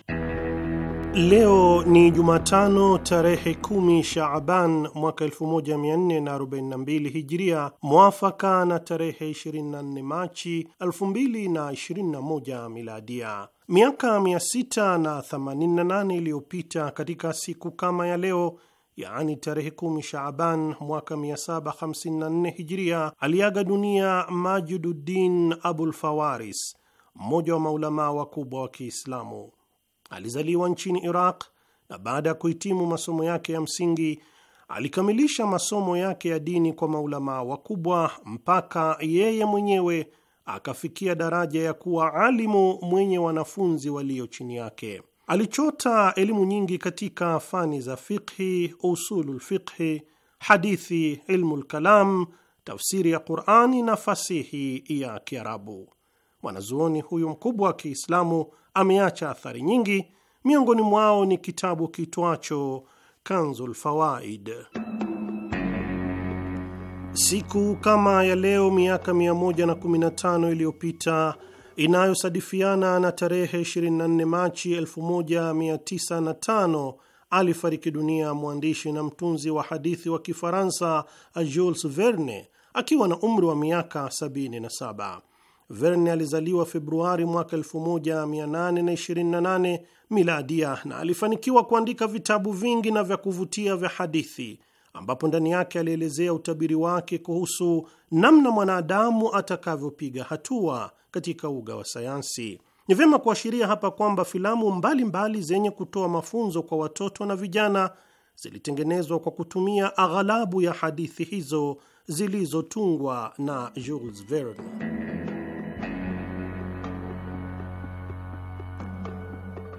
Leo ni Jumatano tarehe kumi Shaaban mwaka 1442 Hijria, mwafaka na tarehe 24 Machi 2021 Miladia. Miaka 688 iliyopita katika siku kama ya leo, yaani tarehe kumi Shaaban mwaka 754 Hijria, aliaga dunia Majiduddin Abulfawaris, mmoja wa maulamaa wakubwa wa Kiislamu. Alizaliwa nchini Iraq na baada ya kuhitimu masomo yake ya msingi alikamilisha masomo yake ya dini kwa maulamaa wakubwa mpaka yeye mwenyewe akafikia daraja ya kuwa alimu mwenye wanafunzi walio chini yake. Alichota elimu nyingi katika fani za fiqhi, usulul fiqhi, hadithi, ilmu lkalam, tafsiri ya Qurani na fasihi ya Kiarabu. Mwanazuoni huyu mkubwa wa Kiislamu ameacha athari nyingi, miongoni mwao ni kitabu kitwacho Kanzul Fawaid. Siku kama ya leo miaka 115 iliyopita inayosadifiana na tarehe 24 Machi 1905 alifariki dunia mwandishi na mtunzi wa hadithi wa Kifaransa Jules Verne akiwa na umri wa miaka 77. Verne alizaliwa Februari mwaka 1828 miladia na alifanikiwa kuandika vitabu vingi na vya kuvutia vya hadithi ambapo ndani yake alielezea utabiri wake kuhusu namna mwanadamu atakavyopiga hatua katika uga wa sayansi. Ni vyema kuashiria hapa kwamba filamu mbalimbali mbali zenye kutoa mafunzo kwa watoto na vijana zilitengenezwa kwa kutumia aghalabu ya hadithi hizo zilizotungwa na Jules Verne.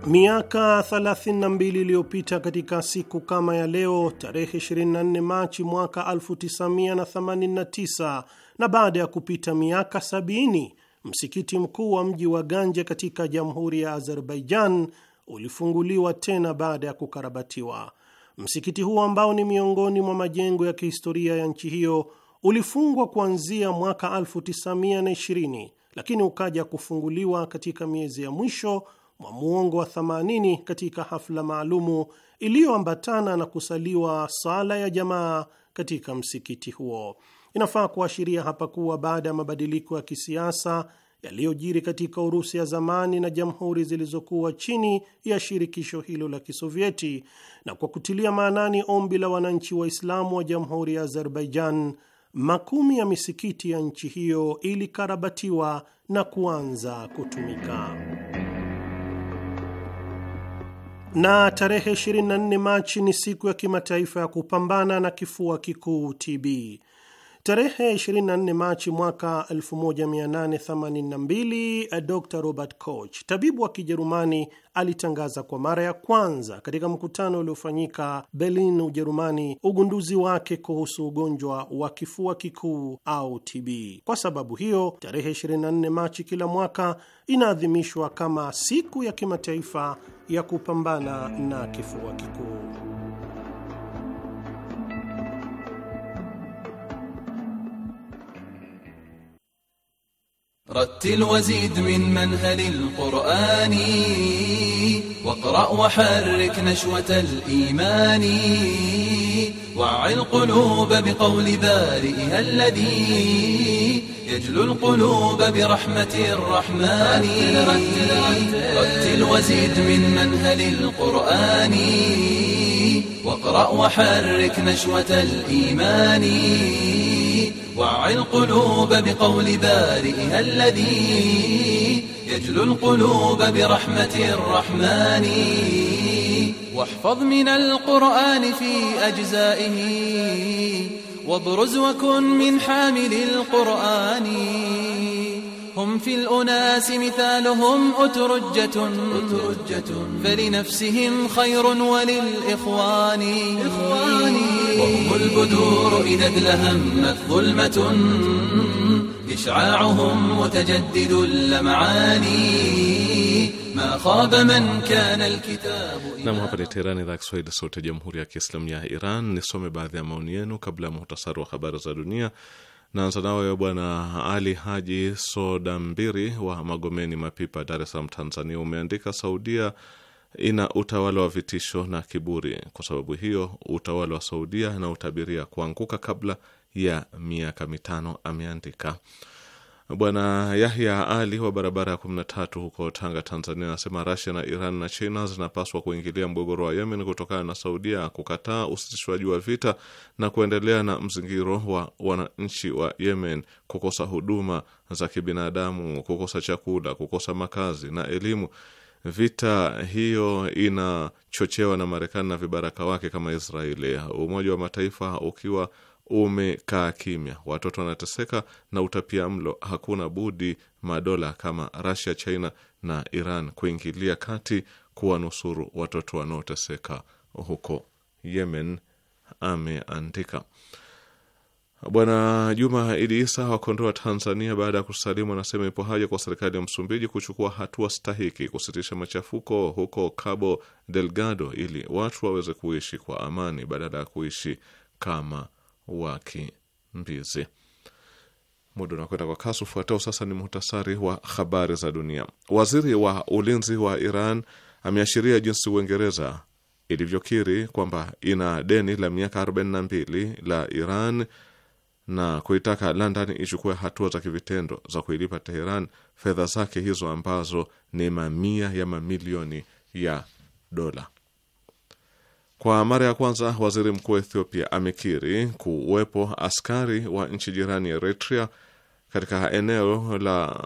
Miaka 32 iliyopita katika siku kama ya leo tarehe 24 Machi mwaka 1989 na, baada ya kupita miaka 70 msikiti mkuu wa mji wa Ganje katika Jamhuri ya Azerbaijan ulifunguliwa tena baada ya kukarabatiwa. Msikiti huo ambao ni miongoni mwa majengo ya kihistoria ya nchi hiyo ulifungwa kuanzia mwaka 1920 lakini ukaja kufunguliwa katika miezi ya mwisho mwa muongo wa 80 katika hafla maalumu iliyoambatana na kusaliwa sala ya jamaa katika msikiti huo. Inafaa kuashiria hapa kuwa baada ya mabadiliko ya kisiasa yaliyojiri katika Urusi ya zamani na jamhuri zilizokuwa chini ya shirikisho hilo la Kisovyeti, na kwa kutilia maanani ombi la wananchi Waislamu wa jamhuri ya Azerbaijan, makumi ya misikiti ya nchi hiyo ilikarabatiwa na kuanza kutumika na tarehe 24 Machi ni siku ya kimataifa ya kupambana na kifua kikuu TB. Tarehe 24 Machi mwaka 1882 Dr Robert Koch, tabibu wa Kijerumani, alitangaza kwa mara ya kwanza katika mkutano uliofanyika Berlin, Ujerumani, ugunduzi wake kuhusu ugonjwa wa kifua kikuu au TB. Kwa sababu hiyo, tarehe 24 Machi kila mwaka inaadhimishwa kama siku ya kimataifa ya kupambana na kifua kikuu. رتل وزيد من منهل القرآن واقرأ وحرك نشوة الإيمان وعي القلوب بقول بارئها الذي يجلو القلوب برحمة الرحمن رتل وزيد من منهل القرآن واقرأ وحرك نشوة الإيمان وع القلوب بقول بارئها الذي يجلو القلوب برحمة الرحمن واحفظ من القرآن في أجزائه وابرز وكن من حامل القرآن هم في الأناس مثالهم أترجة, أترجة فلنفسهم خير وللإخوان وهم البدور إذا ادلهمت ظلمة إشعاعهم متجدد اللمعاني ما hapa ni Teherani, idhaa ya Kiswahili, sauti ya Jamhuri ya Kiislamu ya Iran. Nisome baadhi ya maoni yenu kabla ya muhtasari wa habari za dunia. Naanza nawe Bwana Ali Haji Soda Mbiri wa Magomeni Mapipa, Dar es Salaam, Tanzania. Umeandika Saudia ina utawala wa vitisho na kiburi. Kwa sababu hiyo, utawala wa Saudia na utabiria kuanguka kabla ya miaka mitano, ameandika. Bwana Yahya Ali wa barabara ya tatu huko Tanga, Tanzania, anasema Rasia na Iran na China zinapaswa kuingilia mgogoro wa Yemen kutokana na Saudia kukataa usitishwaji wa vita na kuendelea na mzingiro wa wananchi wa Yemen kukosa huduma za kibinadamu, kukosa chakula, kukosa makazi na elimu. Vita hiyo inachochewa na Marekani na vibaraka wake kama Israeli, Umoja wa Mataifa ukiwa umekaa kimya, watoto wanateseka na utapia mlo. Hakuna budi madola kama Russia, China na Iran kuingilia kati kuwanusuru watoto wanaoteseka huko Yemen, ameandika Bwana Juma Idi Isa wa Kondoa, Tanzania. Baada ya kusalimu, anasema ipo haja kwa serikali ya Msumbiji kuchukua hatua stahiki kusitisha machafuko huko Cabo Delgado ili watu waweze kuishi kwa amani badala ya kuishi kama wa kimbizi. Muda unakwenda kwa kasi. Ufuatao sasa ni muhtasari wa habari za dunia. Waziri wa ulinzi wa Iran ameashiria jinsi Uingereza ilivyokiri kwamba ina deni la miaka 42 la Iran na kuitaka London ichukue hatua za kivitendo za kuilipa Teheran fedha zake hizo ambazo ni mamia ya mamilioni ya dola. Kwa mara ya kwanza waziri mkuu wa Ethiopia amekiri kuwepo askari wa nchi jirani ya Eritrea katika eneo la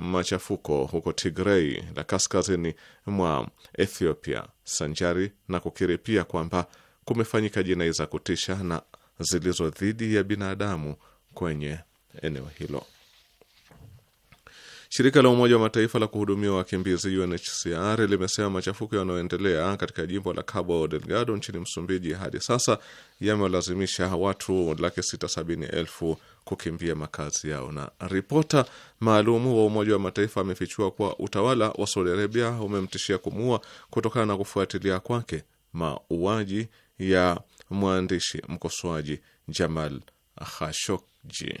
machafuko huko Tigrei la kaskazini mwa Ethiopia, sanjari na kukiri pia kwamba kumefanyika jinai za kutisha na zilizo dhidi ya binadamu kwenye eneo hilo. Shirika la Umoja wa Mataifa la kuhudumia wakimbizi UNHCR limesema machafuko yanayoendelea katika jimbo la Cabo Delgado nchini Msumbiji hadi sasa yamewalazimisha watu laki sita sabini elfu kukimbia makazi yao. Na ripota maalumu wa Umoja wa Mataifa amefichua kuwa utawala wa Saudi Arabia umemtishia kumuua kutokana na kufuatilia kwake mauaji ya mwandishi mkosoaji Jamal Khashoggi.